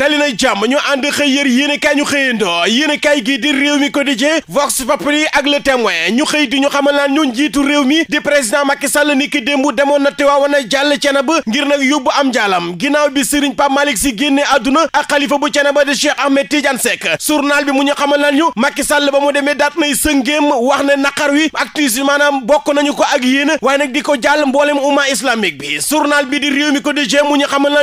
dali na jàmm ñu ànd xëy yër yéen kaay ñu xëyandoo yéen kaay gii di réew mi quotidien vox populi ak le témoin ñu xëy di ñu xamal naan ñu njiitu réew mi di président Macky Sall ni ki démb demoon na Tiwaawan a jàll Cenaba ngir nag yóbbu am njaalam ginnaaw bi Serigne Pape Malick Sy génne àdduna ak xalifa bu Cenaba di Cheikh Ahmed Tidiane Seck journal bi mu ñu xamal naan ñu Macky Sall ba mu demee daat nay sëngéem wax ne naqar wi ak tiis yi maanaam bokk nañu ko ak yéen waaye di ko jàll mboolem bi journal bi di réew mi quotidien mu ñu xamal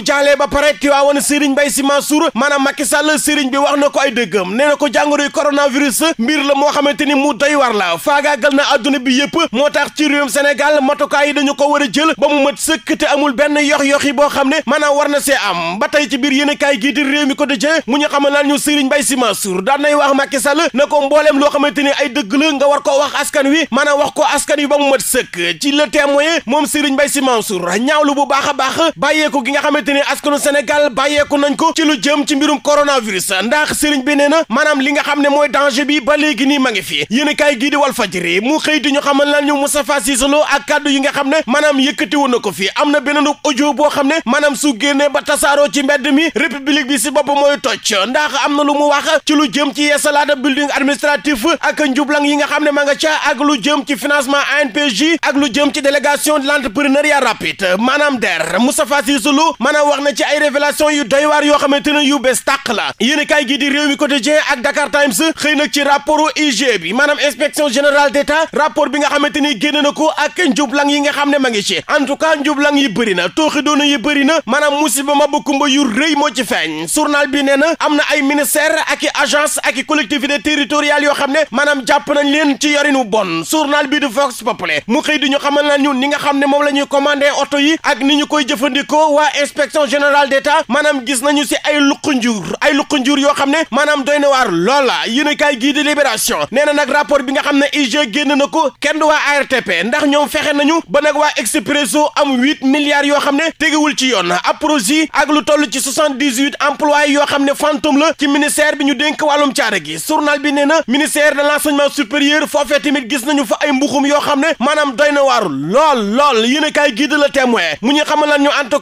mu jaalee ba pare Tiwaawan Serigne Mbaye Sy Mansour maanaam Macky Sall Serigne bi wax na ko ay dëggam nee na ko jàngoroy coronavirus mbir la moo xamante ni mu day war la faagaagal na adduna bi yëpp moo tax ci réewum senegal matukaay yi dañu ko war a jël ba mu mët sëkk te amul benn yox-yox yi boo xam ne maanaam war na se am ba tey ci biir yéen a kaay gii di réew mi ko dëjee mu ñu xamal naa ñu Serigne bay Sy Mansour daan nay wax Macky Sall na ko mbooleem loo xamante ni ay dëgg la nga war ko wax askan wi maanaam wax ko askan wi ba mu mët sëkk ci le témoin moom Serigne Mbaye Sy Mansour ñaawlu bu baax a baax bàyyeeku xamante ni askanu Sénégal bàyyeeku nañ ko ci lu jëm ci mbirum coronavirus ndax sëriñ bi nee na maanaam li nga xam ne mooy danger bi ba léegi nii ma ngi fi yéen a kaay gii di Walf Fadjri mu xëy di ñu xamal lan ñu Moustapha Cissé Lo ak kàddu yi nga xam ne maanaam yëkkati woon na ko fii am na beneen audio boo xam ne maanaam su génnee ba tasaaroo ci mbedd mi république bi si bopp mooy toj ndax am na lu mu wax ci lu jëm ci yeesalaata building administratif ak njublang yi nga xam ne ma nga ca ak lu jëm ci financement ANPJ ak lu jëm ci délégation de l'entrepreneuriat rapide maanaam DER Moustapha Cissé maanaam wax na ci ay révélation yu doy waar yoo xamante ne yu bees tàq la yéen kaay gi di réew mi quotidien ak Dakar Times xëy nag ci rapportu IG bi maanaam inspection générale d'État rapport bi nga xamante ni génn na ko ak njublang yi nga xam ne ma ngi ci en tout cas njublang yi bëri na tooxi doona yi bëri na maanaam musiba ma bokkumba yu rëy moo ci feeñ journal bi nee na am na ay ministère ak i agence ak i collectivité territoriale yoo xam ne maanaam jàpp nañ leen ci yorinu bon journal bi di Vox Populi mu xëy di ñu xamal na ñun ni nga xam ne moom la ñuy commandé oto yi ak ni ñu koy jëfandikoo inspection générale maanaam gis nañu si ay luqu njur ay luqu njur yoo xam ne maanaam doy na waar loola yéen kaay gii di libération nee na nag rapport bi nga xam ne IG génn na ko kenn ndax ñoom fexe nañu ba nag waa Expresso am huit milliards yoo xam ne tegewul ci yoon Aprosi ak lu toll ci soixante-dix-huit employés yoo xam ne fantôme la ci bi ñu dénk wàllum caare gi journal bi nee na ministère de l'enseignement supérieur foofee tamit gis nañu fa ay mbuxum yoo xam ne maanaam doy na waar lool lool yéen kaay gii di la témoin mu ñu xamal ñu en tout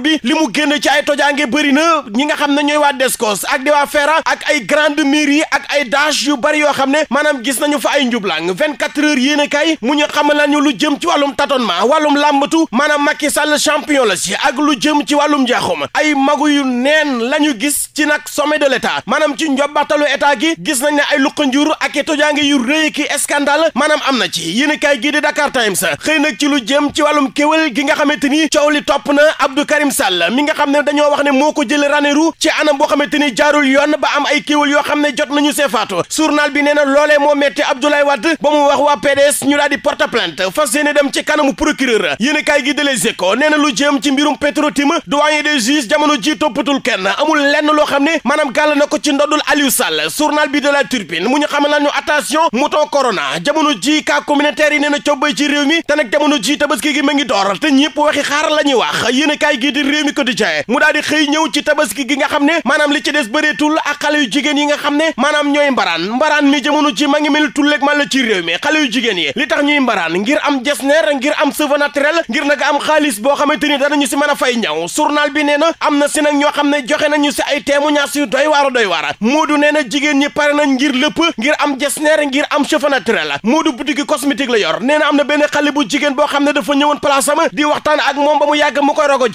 bi li mu génne ci ay tojaange bëri na ñi nga xam nañu ñooy waa Descos ak di waa Fera ak ay grande mairie ak ay dash yu bëri yoo xam ne maanaam gis nañu fa ay njublang 24 heures yéen a kay mu ñu xamal nañu lu jëm ci wàllum tâtonnement wàllum làmbatu maanaam Macky Sall champion la si ak lu jëm ci wàllum njaaxum ay magu yu neen la ñu gis ci nag sommet de l'État maanaam ci njobbaxtalu état gi gis nañ ne ay luqanjur ak i tojaange yu rëy ki scandale maanaam am na ci yéen a kay gii di Dakar Times xëy nag ci lu jëm ci wàllum kéwél gi nga xamante ni coow li topp na Abdou Karim Sall Sall mi nga xam ne dañoo wax ne moo ko jël Ranérou ci anam boo xamante ni jaarul yoon ba am ay kéwul yoo xam ne jot nañu see faatu journal bi nee na loolee moo metti Abdoulaye Wade ba mu wax waa PDS ñu daal di porte fas yéene dem ci kanamu procureur yéen kaay gi de Les Échos nee na lu jëm ci mbirum Petro-Tim doyen des juges jamono ji toppatul kenn amul lenn loo xam ne maanaam gàll na ko ci ndodul Aliou sal journal bi de La Tribune mu ñu xamal ñu attention mouton corona jamono ji cas communautaire yi nee na cobbay ci réew mi te nag jamono ji tabaski gi ma ngi door te ñëpp la ñuy wax yéen kaay gi di réew mi quotidien mu daal di xëy ñëw ci tabaski gi nga xam ne maanaam li ci des bëreetul ak xale yu jigéen yi nga xam ne maanaam ñooy mbaraan mbaraan mi jamono ci ma ngi mel tulleeg man la ci réew mi xale yu jigéen yi li tax ñuy mbaraan ngir am jesner ngir am cheveux naturel ngir nag am xaalis boo xamante ni danañu si mën a fay ñaw journal bi nee na am na si nag ñoo xam ne joxe na ñu si ay témoignage yu doy waara doy waara moodu nee na jigéen ñi pare nañ ngir lépp ngir am jesner ngir am cheveux naturel moodu boutique cosmétique la yor nee na am na benn xale bu jigéen boo xam ne dafa ñëwoon place am di waxtaan moom ba mu yàgg mu koy rogo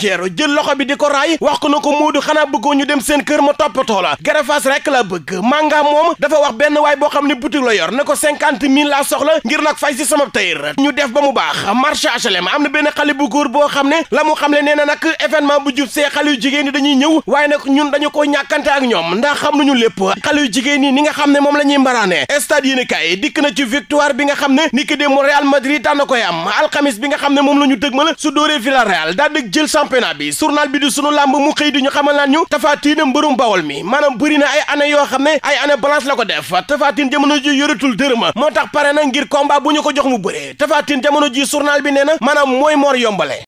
loxo bi di ko raay wax ko na ko Moodu xanaa bëggoo ñu dem seen kër ma toppatoo la garafaas rek la bëgg manga moom dafa wax benn waay boo xam ne buti la yor ne ko cinquante mille laa soxla ngir nag fay si sama tayër ñu def ba mu baax marché ma H&M am na benn xali bu góor boo xam ne la mu xam ne nee na nag événement bu jub see xale yu jigéen ñi dañuy ñëw waaye nag ñun dañu ko ñàkkante ak ñoom ndax xam nañu lépp xale yu jigéen ñi ni nga xam ne moom la ñuy mbaraane stade yéen dikk na ci victoire bi nga xam ne ni ki démb Real Madrid daan na koy am alxamis bi nga xam ne moom la ñu dëgmal su dóoree Villarreal daal di jël championnat bi journal bi di sunu làmb mu xëy di ñu xamal naan ñu tafaatina mbërum bawol mi maanaam bëri na ay yoo xam ne ay année blanche la ko def tafaatin jamono ji yoratul dërëma moo tax pare na ngir combat bu ñu ko jox mu bëree tafaatin jamono ji journal bi nee na maanaam mooy moor yombale